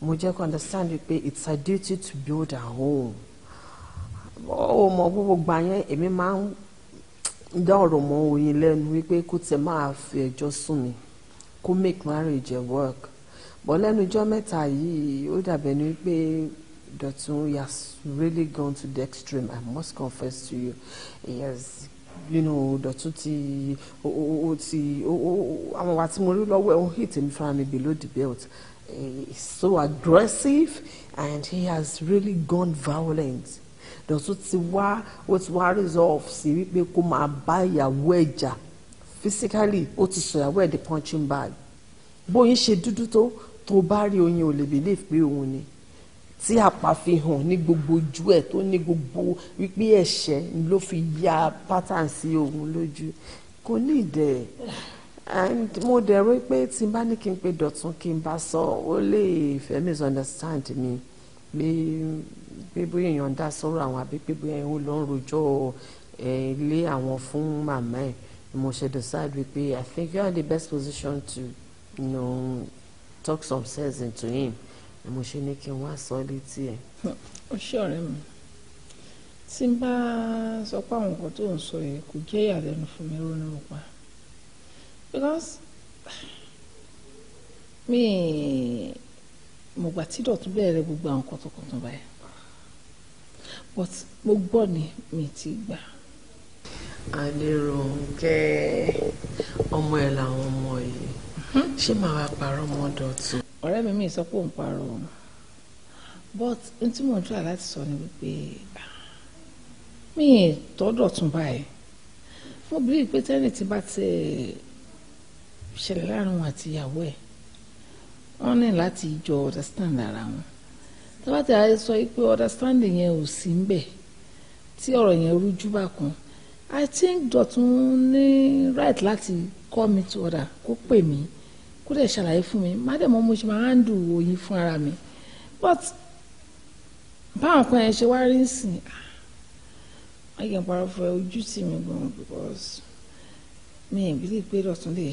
mo jẹ́ kó understand wípé it's a duty to build a home ó mọ gbogbo gbà yẹn èmi máa ń dá ọ̀rọ̀ mọ́ oyin lẹ́nu wípé kó tẹ̀ máa fi ẹjọ́ sùn mi kó make marriage work bọ́ lẹ́nu ijọ́ mẹ́ta yìí ó dàbẹ̀ ni wípé. Dotun, he has really gone to the extreme, I must confess to you. He has, you know, Dotun ti, o ti, àwọn wa tí mo rí lọ́wọ́ ẹ̀ ń hit him from me below the belt. He's so aggressive and he has really gone violent. Dotun ti wá, ó ti wá resolve sí wípé kó máa bá ìyàwó ẹ̀ jà physically ó ti sọ ìyàwó ẹ̀ di punching bag. Bóyin ṣe dúdú tó, tó bá rí oyin ò lè believe pé òun ni tí àpá fi hàn ní gbogbo ojú ẹ̀ tó ní gbogbo wípé ẹ̀ṣẹ̀ ló fi ya pátá sí òun lójú kò ní ìdẹ̀ and mo dẹ̀rọ pé tí n bá ní kí n pe dọ̀tún kí n bá sọ ó lè fẹ́ misunderstand mi pé pé bóyá èèyàn dá sọ̀rọ̀ àwọn àbí pé bóyá ó lọ ń rojọ́ ilé àwọn fún màmá ẹ̀ mo ṣe decide wípé I think you are in the best position to you know, talk some sense into him ni mo ṣe ní kí n wá sọ létí ẹ. ó ṣe ọ̀rẹ́ mi tí n bá sọ pé àwọn nǹkan tó ń sọ yìí kò jẹ́ ìyàlẹ́nu fún mi ronú pa because mi mo gbà tí dọ̀tún bẹ̀rẹ̀ gbogbo àwọn kọ̀tọ̀kọ̀tọ̀ báyìí but mo gbọ́ ni mi ti gbà. Adérónkẹ́ ọmọ ẹ̀ làwọn ọmọ yìí ṣé màá wá parọ́ mọ́ Dọ̀tun. ọ̀rẹ́ mi mi sọ pé òun parọ́ but n tí mò ń try láti sọ ni wípé mi tọ́dọ̀ tún báyìí mo believe pé tẹ́lẹ̀ tí bá ti ṣẹlẹ̀ láàrin wọn àti ìyàwó ẹ̀ wọ́n ní láti jọ understand ara wọn tọ́ba tí a sọ pé understanding yẹn ò sí ń bẹ̀ tí ọ̀rọ̀ yẹn rújú bá kan I think Dọ̀tun ní right láti call me to order kó pè mí kó ṣàlàyé fún mi má mo ṣe máa handle oyin fún ara mi but báwọn kan yẹn ṣe wá rí nsìn wọ́n ah, yẹn fún ẹ ojú tì mí gan because mi ì bílí pé Dọ̀tun lè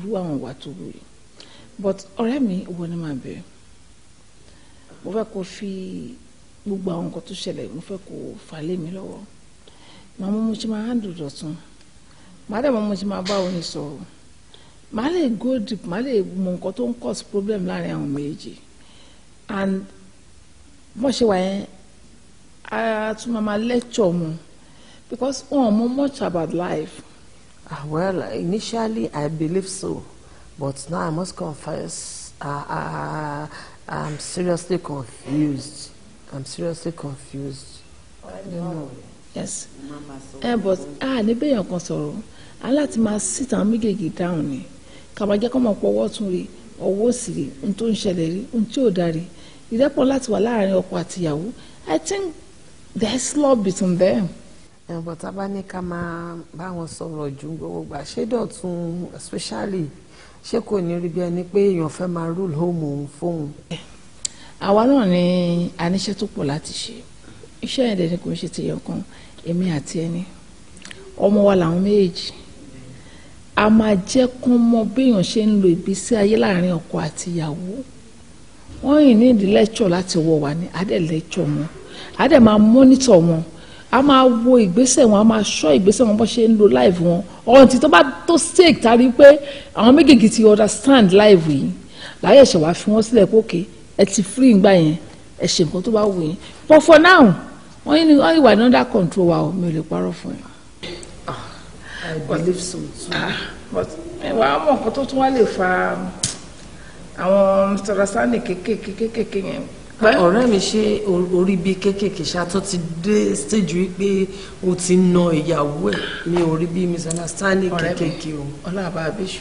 rú àwọn ìwà tó wù but ọ̀rẹ́ mi wọ́n ní máa bẹ̀rẹ̀ mo fẹ́ kó fi gbogbo àwọn nǹkan tó ṣẹlẹ̀ mo fẹ́ kó fà lé mi lọ́wọ́ màá mú mo ṣe máa handle Dọ̀tun màá dẹ̀ mọ̀ mo ṣe máa bá òun sọ̀rọ̀ màá lè go deep màá lè mọ nǹkan tó ń cause problem láàrin àwọn méjì and bọ́n ṣe wà yẹn a tún máa ma lecture mu because wọn mọ much about life. Ah, well initially I believe so but now I must confess uh, uh, I'm seriously confused I'm seriously confused. I don't know. yes ẹ yeah, but a ah, níbẹ̀ yẹn kan sọ̀rọ̀ aláti máa sit àwọn méjèèjì down ni. Eh? kàmá jẹ́ kó mọ̀ pọ̀ ọwọ́ tún rí ọwọ́ òsì rí ohun tó ń ṣẹlẹ̀ rí ohun tí ò da rí ìrẹ́pọ̀ láti wà láàrin ọkọ àtìyàwó I think there's love between them. ẹ̀bùn tá a bá ní ká máa bá wọn sọ̀rọ̀ ju gbogbo gbà ṣé dọ̀tun especially ṣé kò ní rí bí ẹni pé èèyàn fẹ́ máa rule home òun fóun. àwa náà ni aníṣẹ́ tó pọ̀ láti ṣe iṣẹ́ yẹn dẹ̀ ni kò ń ṣe tèèyàn kan èmi àti ẹni ọmọ wa làwọn méjì a máa jẹ́ kó mọ béèyàn ṣe ń lo ìgbésí ayé láàrin ọkọ àti ìyàwó wọ́n yìn ní ìdí lẹ́tọ̀ láti wọ̀ wá ní adé lẹ́tọ̀ wọn adé máa mọ́nítọ̀ wọn a máa wo ìgbésẹ̀ wọn a máa ṣọ́ ìgbésẹ̀ wọn bó ṣe ń lo live wọn ọ̀run tí tó bá tó stake tari pé àwọn méjèèjì ti understand live yìí láyé ẹ̀ṣẹ̀ wá fi wọ́n sílẹ̀ pókè ẹ ti free ìgbà yẹn ẹ ṣe nǹkan tó bá wù yín but for now wọ́n yìí wà ní under control wa ò mi ò lè parọ́ fún yín. I believe so too. Ah, but wà á mọ nǹkan tó tún wá lè fa àwọn Mr. Sani kékèké kékèké yẹn. ọ̀rẹ́ mi ṣe orí bíi kékèké ṣáàtọ́ ti dé stage wípé o ti na ìyàwó ẹ̀ mi ò rí bíi Mr. Sani kékèké o. ọlọ́àbá abéṣu.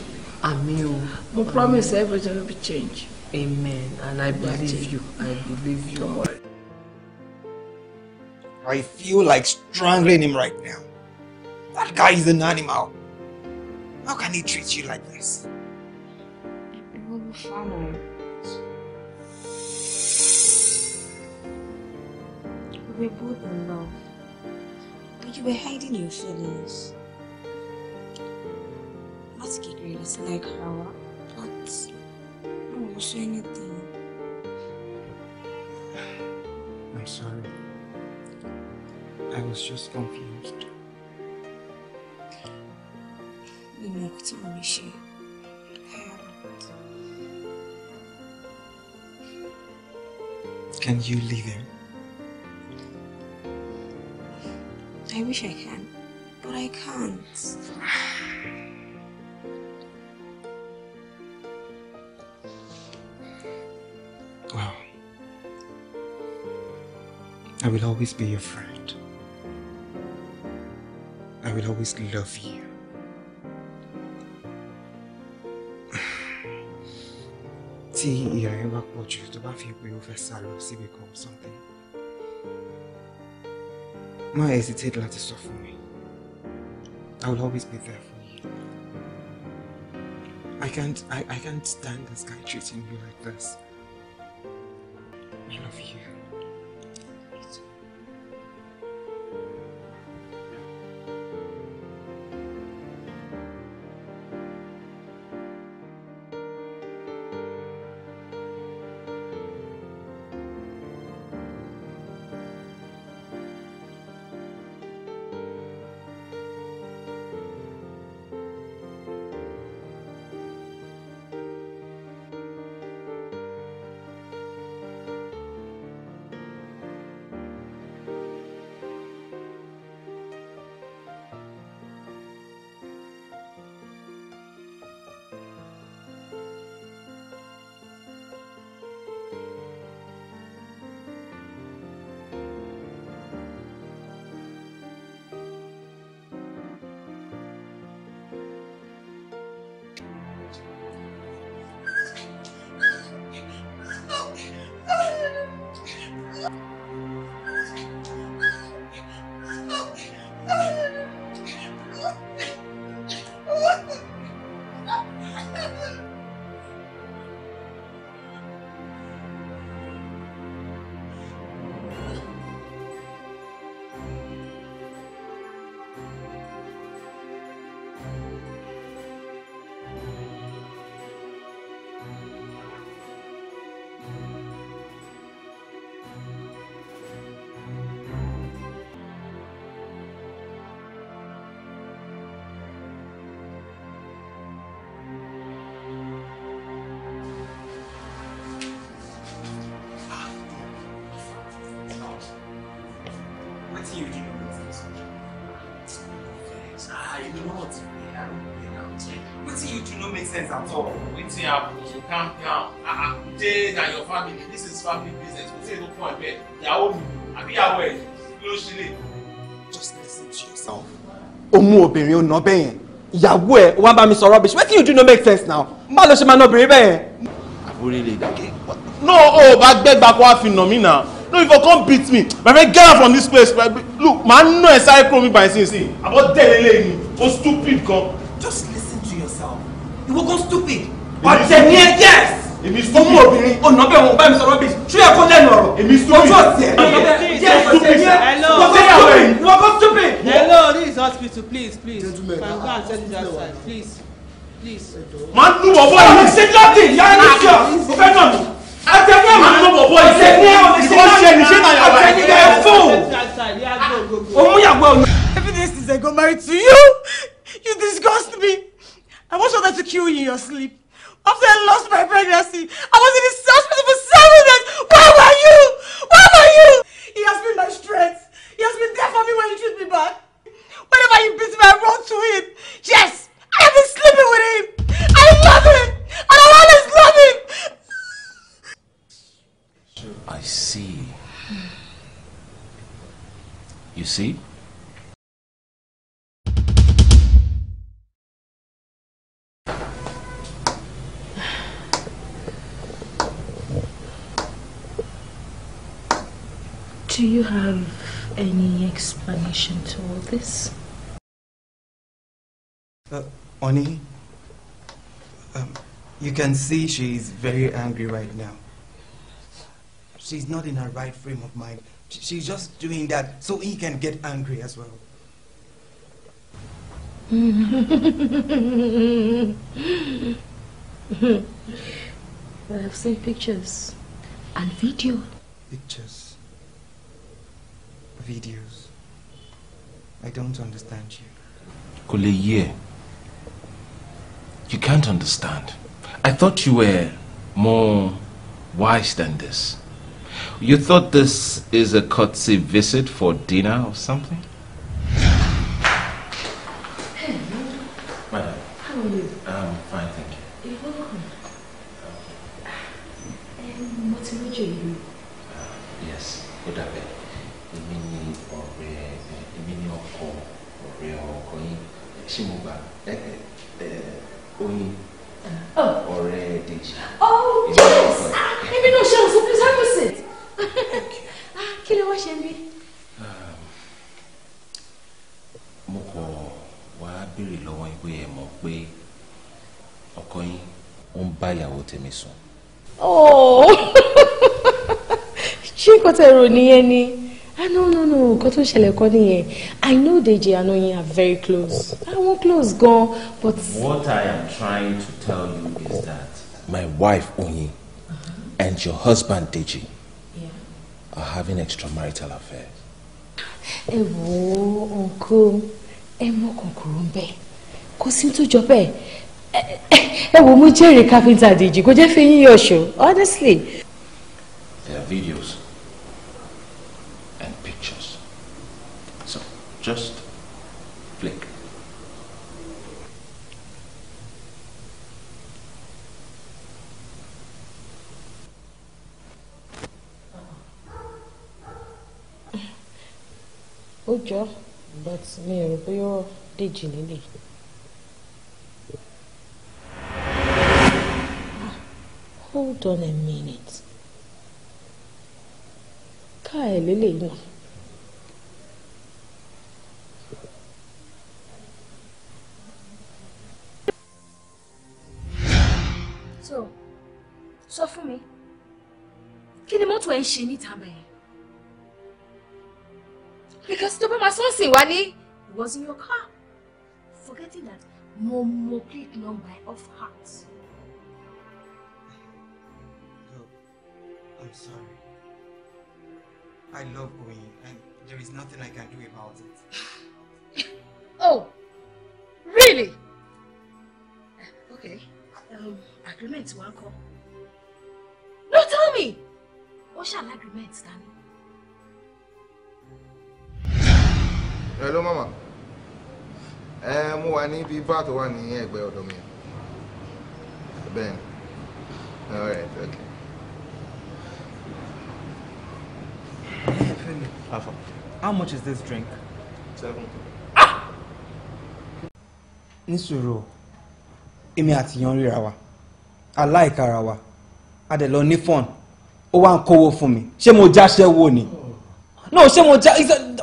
àmín o. mo promise everything will be changed. amen and I believe you I believe you. I feel like strangling him right now. That guy is an animal. How can he treat you like this? Farmer. We were both in love, but you were hiding your feelings. rid of is like her, but I don't show anything. I'm sorry. I was just confused. umówmy się. Can you leave him? I wish I can, but I can't. Well, I will always be your friend. I will always love you. tí ìyà yẹn bá pọ̀ tó bá fi you've fẹ́ sá lọ síbi something má hesitate láti sọ fún me. I will always be there for you I can't I, I can't stand this guy treating you like this. sense at all wetin happen you should calm down ah ah jay your family this is family business We say no point. ẹgbẹ ìyàwó mi àbíyàwó ẹ kí ló ṣe just listen to yourself. ó mú obìnrin ó ná bẹ́ẹ̀ yẹn ìyàwó ẹ̀ wá bá mi sọ rubbish wetin you do no make sense now má lọ ṣe máa ná obìnrin bẹ́ẹ̀ yẹn. àbúrò lè dàgé. no o ò bá gbẹ́gbà kó wá fi nà mí nà no you for come beat me my friend get out from this place look màá no, ẹ̀ sáré me by sin sin àbọ̀ tẹ̀lé lẹ́yìn o stupid gan just ìwọ gan stupid ọ̀jẹ̀ ni ẹ yes ọmọ obìnrin ọ̀nàbẹ̀ wọn bá mi sọ rọ́bì ṣú yẹ kó lẹ́nu ọ̀rọ̀ ojú ọ̀sẹ̀ yes ọ̀jẹ̀ ni ẹ ìwọ gan stupid. hello this hospital please please my car tell you that please please. máa ń nu ọ̀bọ yìí ṣe lọ́dì ìyá ẹni sí ọ mo fẹ́ nà mí. àtẹ̀ní ẹ̀ máa ń nu ọ̀bọ yìí ṣe ní ọ̀nà àtẹ̀ní ẹ̀ fún. òun yàgbọ́ òun. evidence is I go marry to you you disgust me. I was ordered to kill you in your sleep. After I lost my pregnancy, I was in the hospital for seven days. Where were you? Where were you? He has been my strength. He has been there for me when you treat me bad. Whenever you beat me, I run to him. Yes, I have been sleeping with him. I love him. And I always love him. I see. You see? Do you have any explanation to all this? Uh, Oni, um, you can see she is very angry right now. She's not in her right frame of mind. She's just doing that so he can get angry as well. I've seen pictures and video. Pictures? videos. I don't understand you. Koleye, you can't understand. I thought you were more wise than this. You thought this is a courtesy visit for dinner or something? Madam. How are you? I'm um, fine, Oh, yes! Èmi no ṣe So please have a seat. Kí ló wá ṣe bí? Um, mo kọ̀ wá béèrè lọ́wọ́ yín bóyá ẹ mọ̀ pé ọkọ yín ó ń bá ìyàwó tèmi sùn. Oh! Ṣé nǹkan tẹ̀ rò Ah, no, no, no, nǹkan tó ṣẹlẹ̀ kọ́ I know Deji and Oyin are very close. I ah, won't close go, but. What I am trying to tell you is that my wife Onyi, uh-huh. and your husband Deji yeah. are having extramarital affairs. Ewo wo ọkọ ẹ mọ kòkòrò ń bẹ kò sí tó mo jẹ́rìí káfíńtà Deji kò je fe yín yọ̀ṣọ́ honestly. there are videos. ó jọ but mi ò rò pé ó dèjì nílé. Ah, hold on a minute ká ẹ̀ lélẹ̀ náà. so sọ fún mi kí ni mọ́tò ẹ̀ ń ṣe níta bẹ́ẹ̀. Because tó bá máa sọ́ọ̀sìn wá ní it was in your car forgetting that mo mo plate number of heart. Look, I'm sorry. I love going and there is nothing I can do about it. oh, really? Okay. Um, agreement wa ńkọ́? No, tell me! What shall l'agreement ta hello mama ẹ mo wà níbi bá tó wà ní ẹgbẹ́ ọ̀dọ̀ mi bẹ́ẹ̀ all right okay. Alpha, how much is this drink? Seven. Ah! Nísòro, èmi àti yan ríra wa, aláìkara wa, a dẹ̀ lọ ní fọ́ọ̀nù, ó wá ń kówó fún mi, ṣé mo jáṣẹ́ wo ni? No, ṣé mo já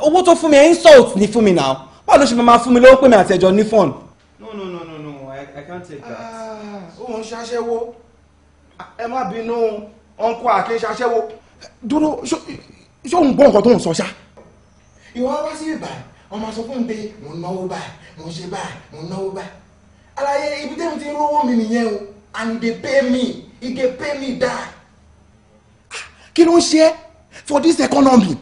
owó tó fún mi insult ni fún mi náà báwo ló ṣe máa fún mi lówó pé mi àti ẹjọ ní fọ́ọ̀nù. no no no no no i, I can't take that. Ah, ó ń ṣaṣẹ́wó ẹ má bínú ọ̀nkọ́ àkè ṣaṣẹ́wó. dúró ṣó ń gbọ́ nǹkan tó ń sọ ṣá. ìwọ wá sí ìbà ọmọ sọ fún mi pé mò ń náwó báyìí mò ń ṣe báyìí mò ń náwó báyìí. àlàyé ibi tẹ́mi ti rówó mi nìyẹn o and they pay me e dey pay me die. Ah, kí ló ń ṣe for this economy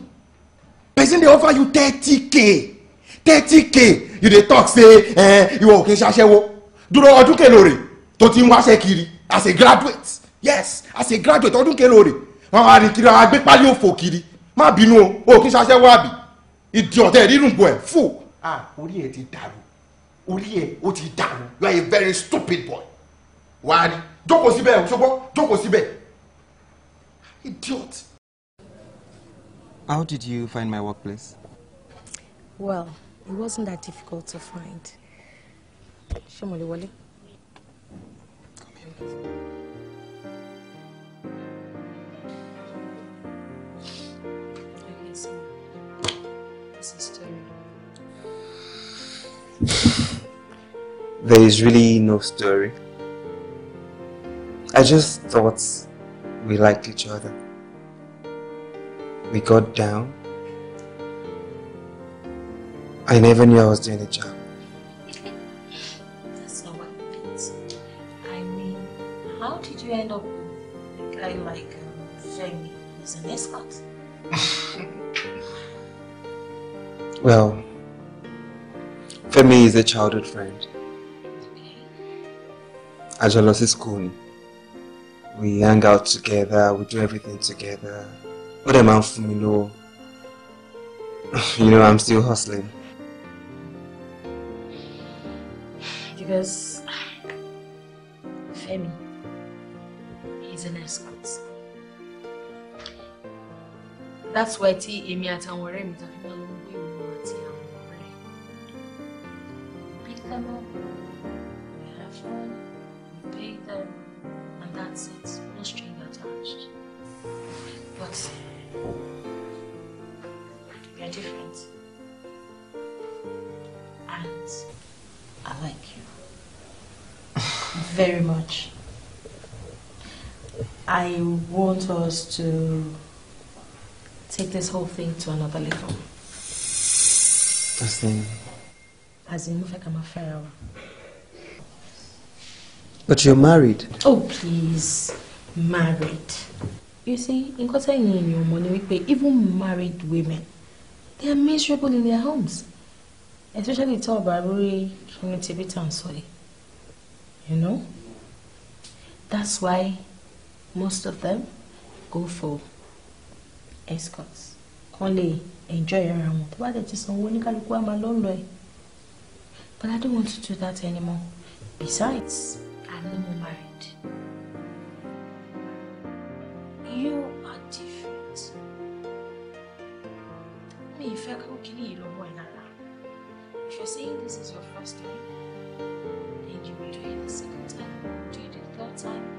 person dey offer you thirty k thirty k you dey talk say eh, you okay ṣaṣẹ́wó dúró ọdún kẹlòrè tó ti ń wáṣẹ́ kiri as a graduate yes as a graduate ọdún kẹlòrè wọn wá rìn kiri àwọn agbépálí òfò kiri má bínú o ò kí ṣaṣẹ́wó àbí ìdí ọ̀tẹ̀ rírùn bọ̀ ẹ̀ fò. ah orí ẹ ti dàrú orí ẹ ó ti dàrú you are a very stupid boy wàá rí jókòó síbẹ̀ ṣùgbọ́n jókòó síbẹ̀ idiot. How did you find my workplace? Well, it wasn't that difficult to find. Shomole Wale. Come here. there is really no story. I just thought we liked each other. We got down. I never knew I was doing a job. That's not what I meant. I mean, how did you end up with a guy like um, Femi as an escort? well, Femi is a childhood friend. Okay. Ajalosi school. We hang out together, we do everything together. Put them out for me, no. You know, I'm still hustling. Because Femi is an escort. That's why T. Amy at Anwaremi Tafimalo this whole thing to another level. As in? As in, move like I'm a pharaoh. But you're married. Oh, please. Married. You see, in Kotani in your money, we pay even married women. They are miserable in their homes. Especially tall Barbary, community bit sorry. You know? That's why most of them go for escorts. kán lè enjoy ara wọn tó bá dẹ̀ ti sanwó oníkálukú á máa lọ lọ ẹ̀ but I don't want to do that anymore besides I'm no more married you are different mi ìfẹ́ kó kí ni ìlọ́wọ́ ẹ̀ lára if you're saying this is your first time then you will do it the second time do it the third time.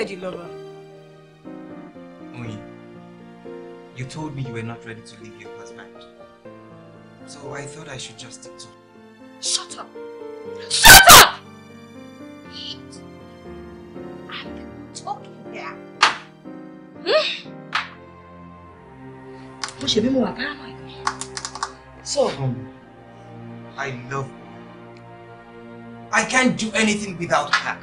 said you love her. you told me you were not ready to leave your husband. So I thought I should just stick to Shut up! Shut up! I've been talking here. Hmm? should be more paranoid. So, um, I love her. I can't do anything without her.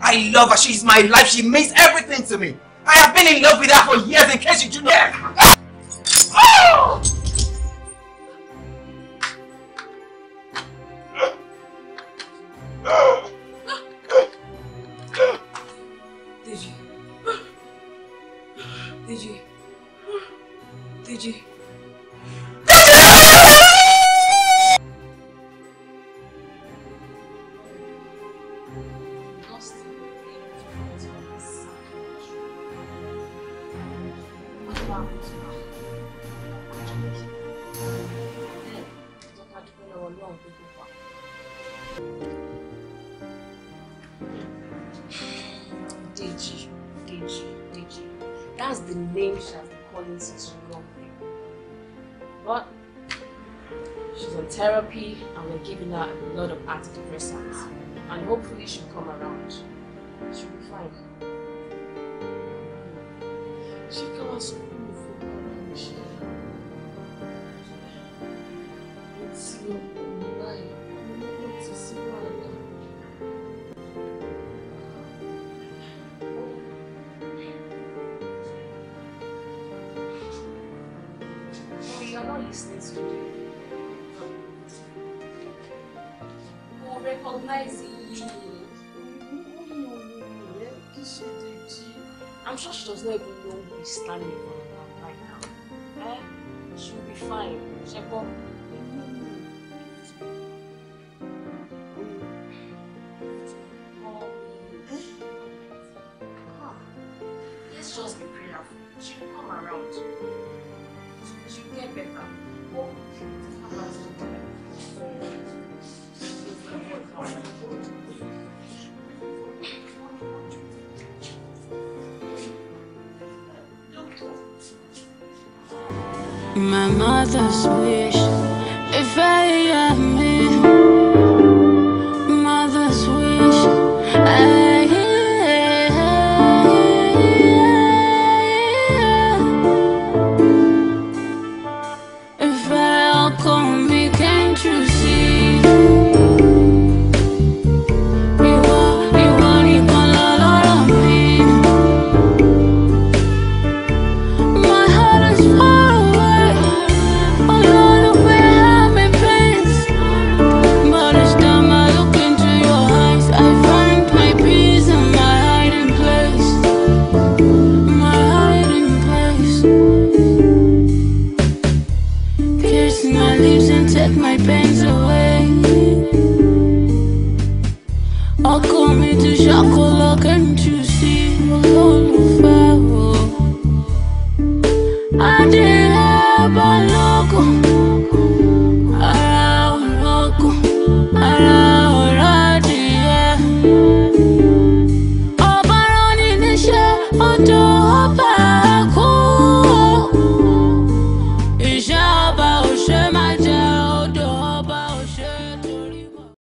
I love her. She's my life. She means everything to me. I have been in love with her for years in case you do not. Oh! just be prayerful. She'll come around. She'll get better. My mother's wish, if I am here.